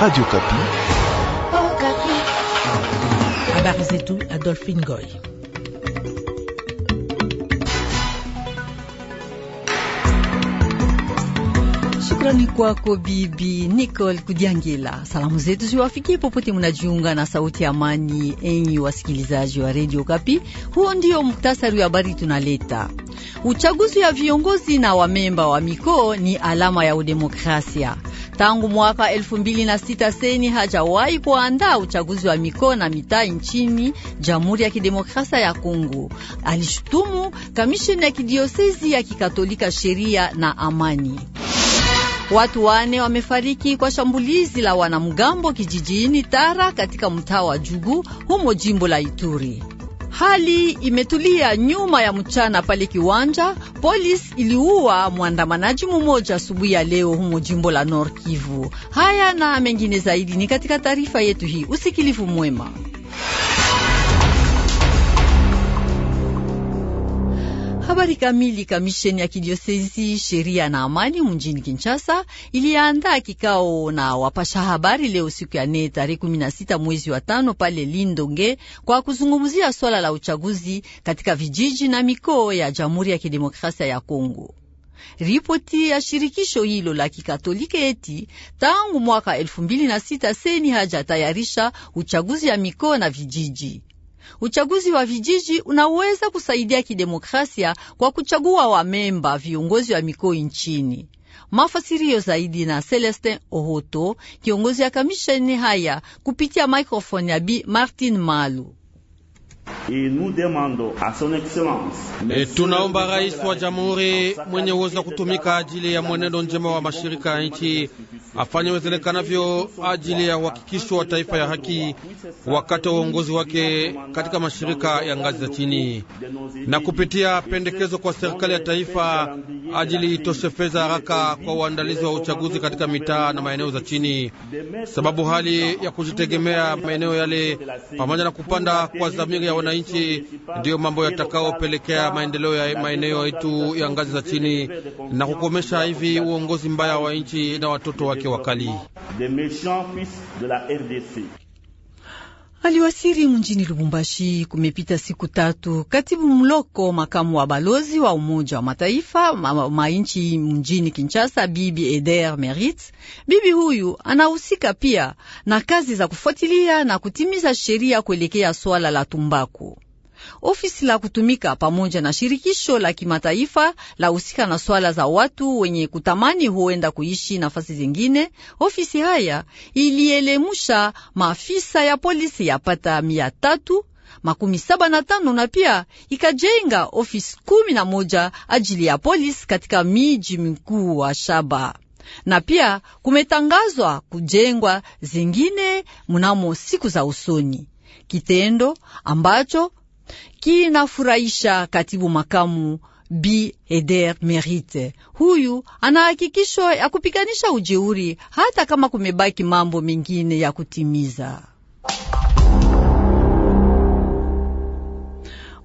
Radio Kapi. Habari zetu Adolphine Goy. Shukrani kwako bibi Nicole Kudiangela. Salamu zetu ziwafikie popote munajiunga na sauti ya amani, enyi wasikilizaji wa Radio Kapi. Huo ndio muktasari wa habari tunaleta. Uchaguzi ya viongozi na wamemba wa, wa mikoo ni alama ya udemokrasia. Tangu mwaka sita seni hajawahi kuandaa uchaguzi wa mikoa na mitaa nchini Jamhuri ya Kidemokrasia ya Kongo. Alishutumu kamisheni ya kidiosezi ya kikatolika sheria na amani. Watu wane wamefariki kwa shambulizi la wanamgambo kijijini Tara katika mtaa wa Jugu humo jimbo la Ituri. Hali imetulia nyuma ya mchana pale kiwanja. Polisi iliua mwandamanaji mmoja asubuhi ya leo humo jimbo la Nord Kivu. Haya na mengine zaidi ni katika taarifa yetu hii. Usikilivu mwema. Habari kamili. Kamisheni ya kidiosezi sheria na amani mjini Kinshasa iliandaa kikao na wapasha habari leo siku ya nne tarehe 16 mwezi wa tano pale Lindonge kwa kuzungumzia swala la uchaguzi katika vijiji na mikoa ya Jamhuri ya Kidemokrasia ya Kongo. Ripoti ya shirikisho hilo la Kikatoliki eti tangu mwaka elfu mbili na sita seni haja tayarisha uchaguzi ya mikoa na vijiji Uchaguzi wa vijiji unaweza kusaidia kidemokrasia kwa kuchagua wamemba viongozi wa mikoi nchini. Mafasirio zaidi na Celestin Ohoto, kiongozi ya kamisheni haya, kupitia maikrofoni ya Bi Martin Malu. E, tunaomba rais wa jamhuri mwenye uwezo wa kutumika ajili ya mwenendo njema wa mashirika ya nchi afanye wezelekanavyo ajili ya uhakikisho wa taifa ya haki wakati wa uongozi wake katika mashirika ya ngazi za chini, na kupitia pendekezo kwa serikali ya taifa ajili itoshe fedha haraka kwa uandalizi wa uchaguzi katika mitaa na maeneo za chini, sababu hali ya kujitegemea maeneo yale pamoja na kupanda kwa dhamiri ya wananchi ndiyo mambo yatakaopelekea maendeleo ya maeneo yetu ya ngazi za chini na kukomesha hivi uongozi mbaya wa nchi na watoto wake wakali aliwasiri mjini Lubumbashi. Kumepita siku tatu. Katibu Mloko, makamu wa balozi wa Umoja wa Mataifa mainchi mjini Kinshasa, bibi Eder Merit, bibi huyu anahusika pia na kazi za kufuatilia na kutimiza sheria kuelekea swala la tumbaku ofisi la kutumika pamoja na shirikisho la kimataifa la husika na swala za watu wenye kutamani huenda kuishi nafasi zingine. Ofisi haya ilielemusha maafisa ya polisi yapata mia tatu makumi saba na tano na pia ikajenga ofisi kumi na moja ajili ya polisi katika miji mikuu wa shaba na pia kumetangazwa kujengwa zingine mnamo siku za usoni, kitendo ambacho kinafurahisha katibu makamu B Eder Merite. Huyu ana hakikisho ya kupiganisha ujeuri hata kama kumebaki mambo mengine ya kutimiza.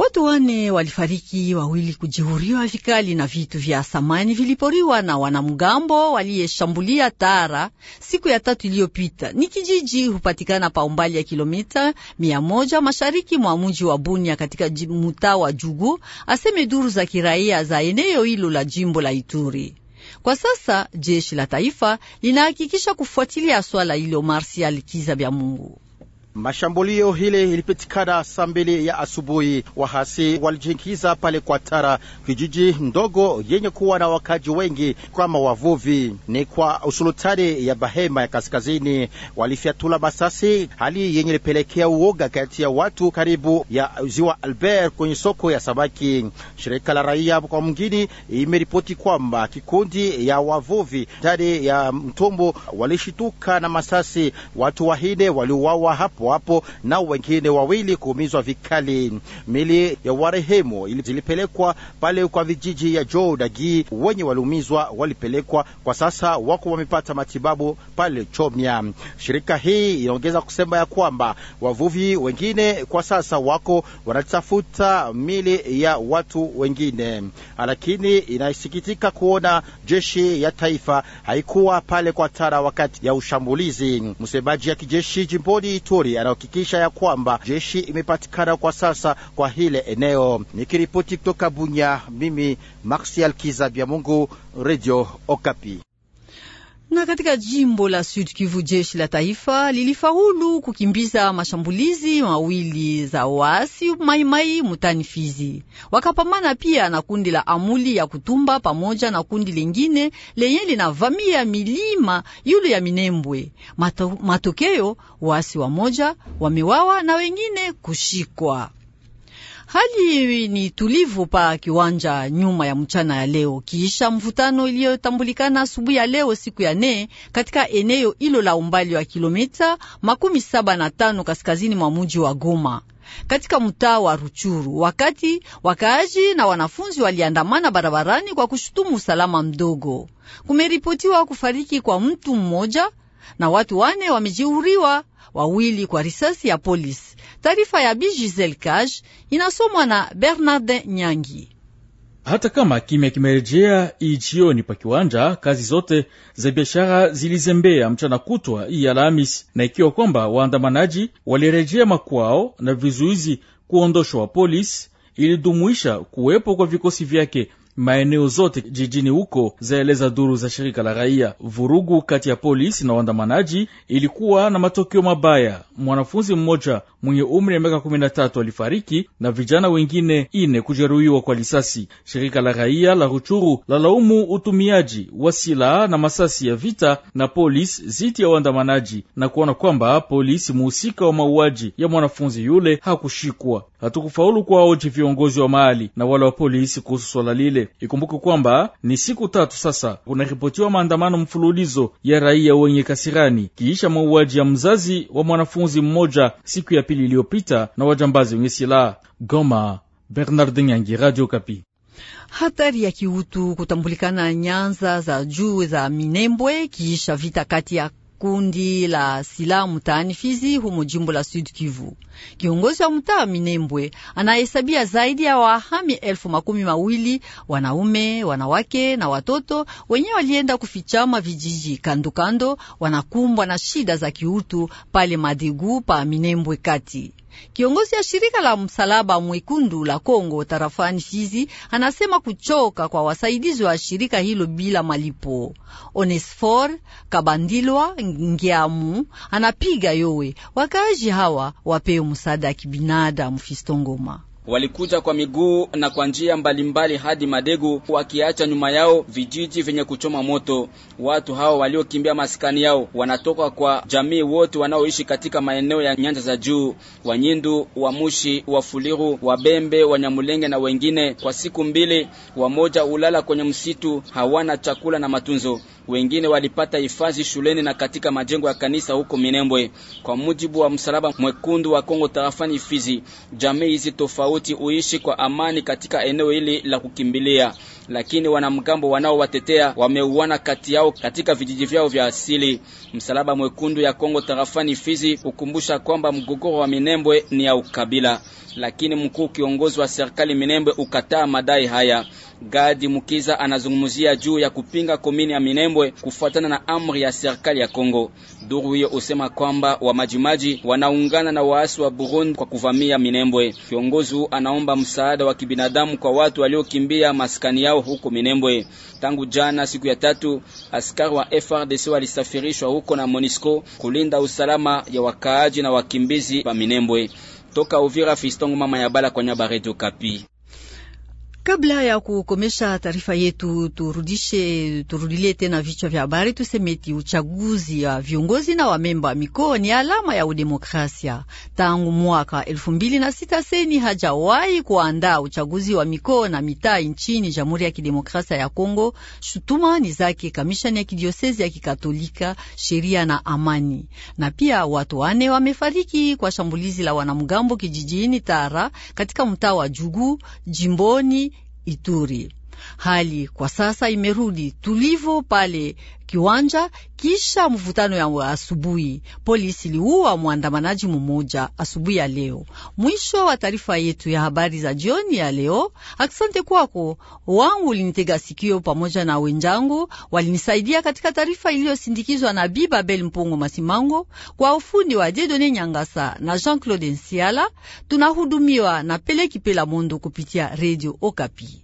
Watu wane walifariki, wawili kujihuriwa vikali na vitu vya samani viliporiwa na wanamgambo waliyeshambulia Tara siku ya tatu iliyopita. Ni kijiji hupatikana pa umbali ya kilomita mia moja mashariki mwa mji wa Bunia katika mtaa wa Jugu, aseme duru za kiraia za eneo hilo la jimbo la Ituri. Kwa sasa jeshi la taifa linahakikisha kufuatilia swala hilo. Marsial Kiza vya Mungu Mashambulio hile ilipitikana saa mbili ya asubuhi. Wahasi walijingiza pale kwa Tara, kijiji mdogo yenye kuwa na wakaji wengi kama wavuvi, ni kwa usulutani ya Bahema ya Kaskazini. Walifyatula masasi, hali yenye ilipelekea uoga kati ya watu karibu ya ziwa Albert kwenye soko ya samaki. Shirika la raia kwa mwingine imeripoti kwamba kikundi ya wavuvi ndani ya mtumbu walishituka na masasi, watu wahine waliuawa hapo hapo hapo, na wengine wawili kuumizwa vikali. Mili ya warehemu zilipelekwa pale kwa vijiji ya Dagi. wenye waliumizwa walipelekwa, kwa sasa wako wamepata matibabu pale Chomya. Shirika hii inaongeza kusema ya kwamba wavuvi wengine kwa sasa wako wanatafuta mili ya watu wengine, lakini inasikitika kuona jeshi ya taifa haikuwa pale kwa Tara wakati ya ushambulizi. Msemaji ya kijeshi jimboni Ituri Jamhuri anahakikisha ya kwamba jeshi imepatikana kwa sasa kwa hile eneo. Nikiripoti kutoka Bunya, mimi Marsial vya Mungu, Radio Okapi. Na katika jimbo la Sud Kivu, jeshi la taifa lilifaulu kukimbiza mashambulizi mawili za waasi maimai mutani Fizi, wakapambana pia na kundi la Amuli ya Kutumba pamoja na kundi lingine lenye linavamia milima yulu ya Minembwe. Matokeo, waasi wa moja wamewawa na wengine kushikwa. Hali ni tulivu pa kiwanja nyuma ya mchana ya leo, kiisha mvutano iliyotambulikana asubuhi ya leo siku ya nne katika eneo hilo la umbali wa kilomita makumi saba na tano kaskazini mwa muji wa Goma katika mtaa wa Ruchuru, wakati wakaaji na wanafunzi waliandamana barabarani kwa kushutumu usalama mdogo. Kumeripotiwa kufariki kwa mtu mmoja na watu wane wamejeruhiwa, wawili kwa risasi ya polisi. Taarifa ya Bi Giselle Kaj inasomwa na Bernard Nyangi. Hata kama kimya kimerejea ijioni pa kiwanja, kazi zote za biashara zilizembea mchana kutwa hii Alhamisi, na ikiwa kwamba waandamanaji walirejea makwao na vizuizi kuondoshwa, polisi ilidumuisha kuwepo kwa vikosi vyake maeneo zote jijini huko, zaeleza duru za shirika la raia. Vurugu kati ya polisi na waandamanaji ilikuwa na matokeo mabaya. Mwanafunzi mmoja mwenye umri ya miaka 13 alifariki na vijana wengine ine kujeruhiwa kwa lisasi. Shirika la raia la Ruchuru lalaumu utumiaji wa silaha na masasi ya vita na polisi ziti ya waandamanaji na kuona kwamba polisi muhusika wa mauaji ya mwanafunzi yule hakushikwa. Hatukufaulu kuwaoji viongozi wa mahali na wale wa polisi kuhusu swala lile vile. Ikumbuke kwamba ni siku tatu sasa kunaripotiwa maandamano mfululizo ya raia wenye kasirani kiisha mauaji ya mzazi wa mwanafunzi mmoja siku ya pili iliyopita na wajambazi wenye silaha. Goma, Bernard Nyangi, Radio Kapi. Hatari ya kiutu kutambulikana nyanza za juu za Minembwe kiisha vita kati ya kundi la silaha mtaani Fizi humo jimbo la Sud Kivu. Kiongozi wa mtaa Minembwe anahesabia zaidi ya wahami elfu makumi mawili wanaume, wanawake na watoto wenye walienda kufichama vijiji kandokando, wanakumbwa na shida za kiutu pale Madigu pa Minembwe kati Kiongozi ya shirika la Msalaba Mwekundu la Kongo tarafani Fizi anasema kuchoka kwa wasaidizi wa shirika hilo bila malipo. Onesfor Kabandilwa Ngiamu anapiga yowe wakaaji hawa wapewe msaada ya kibinadamu. Fistongoma Ngoma walikuja kwa miguu na kwa njia mbalimbali hadi Madegu, wakiacha nyuma yao vijiji vyenye kuchoma moto. Watu hao waliokimbia maskani yao wanatoka kwa jamii wote wanaoishi katika maeneo ya nyanja za juu, Wanyindu, Wamushi, Wafuliru, Wabembe, Wanyamulenge na wengine. Kwa siku mbili, wamoja ulala kwenye msitu, hawana chakula na matunzo. Wengine walipata hifadhi shuleni na katika majengo ya kanisa huko Minembwe, kwa mujibu wa Msalaba Mwekundu wa Kongo tarafani Fizi. Jamii hizi tofauti tofauti uishi kwa amani katika eneo hili la kukimbilia lakini wanamgambo wanaowatetea wameuana kati yao katika vijiji vyao vya asili. Msalaba Mwekundu ya Kongo tarafani Fizi hukumbusha kwamba mgogoro wa Minembwe ni ya ukabila, lakini mkuu kiongozi wa serikali Minembwe ukataa madai haya. Gadi Mukiza anazungumzia juu ya kupinga komini ya Minembwe kufuatana na amri ya serikali ya Kongo. Duru hiyo usema kwamba wa majimaji wanaungana na waasi wa Burundi kwa kuvamia Minembwe. Kiongozi anaomba msaada wa kibinadamu kwa watu waliokimbia maskani yao yao huko Minembwe. Tangu jana siku ya tatu, askari wa FRDC walisafirishwa huko na MONUSCO kulinda usalama ya wakaaji na wakimbizi wa Minembwe. Toka Uvira, Fistongo mama ya bala kwa nyaba, Radio Kapi. Kabla ya kukomesha taarifa yetu, turudishe turudilie tena vichwa vya habari. Tusemeti uchaguzi wa viongozi na wamemba wa mikoa ni alama ya udemokrasia. Tangu mwaka elfu mbili na sita seni hajawahi kuandaa uchaguzi wa mikoa na mitaa nchini Jamhuri ya Kidemokrasia ya Kongo. Shutuma ni zake kamishani ya kidiosezi ya Kikatolika, sheria na amani. Na pia watu wane wamefariki kwa shambulizi la wanamgambo kijijini Tara katika mtaa wa Jugu jimboni Ituri. Hali kwa sasa imerudi tulivu pale kiwanja kisha mvutano ya asubuhi. Polisi iliua mwandamanaji mmoja asubuhi ya leo. Mwisho wa taarifa yetu ya habari za jioni ya leo. Aksante kwako wangu ulinitega sikio, pamoja na wenjangu walinisaidia katika taarifa iliyosindikizwa na Bibabel Mpongo Masimango, kwa ufundi wa Jedone Nyangasa na Jean-Claude Nsiala. Tunahudumiwa na Peleki Pela Mondo kupitia Radio Okapi.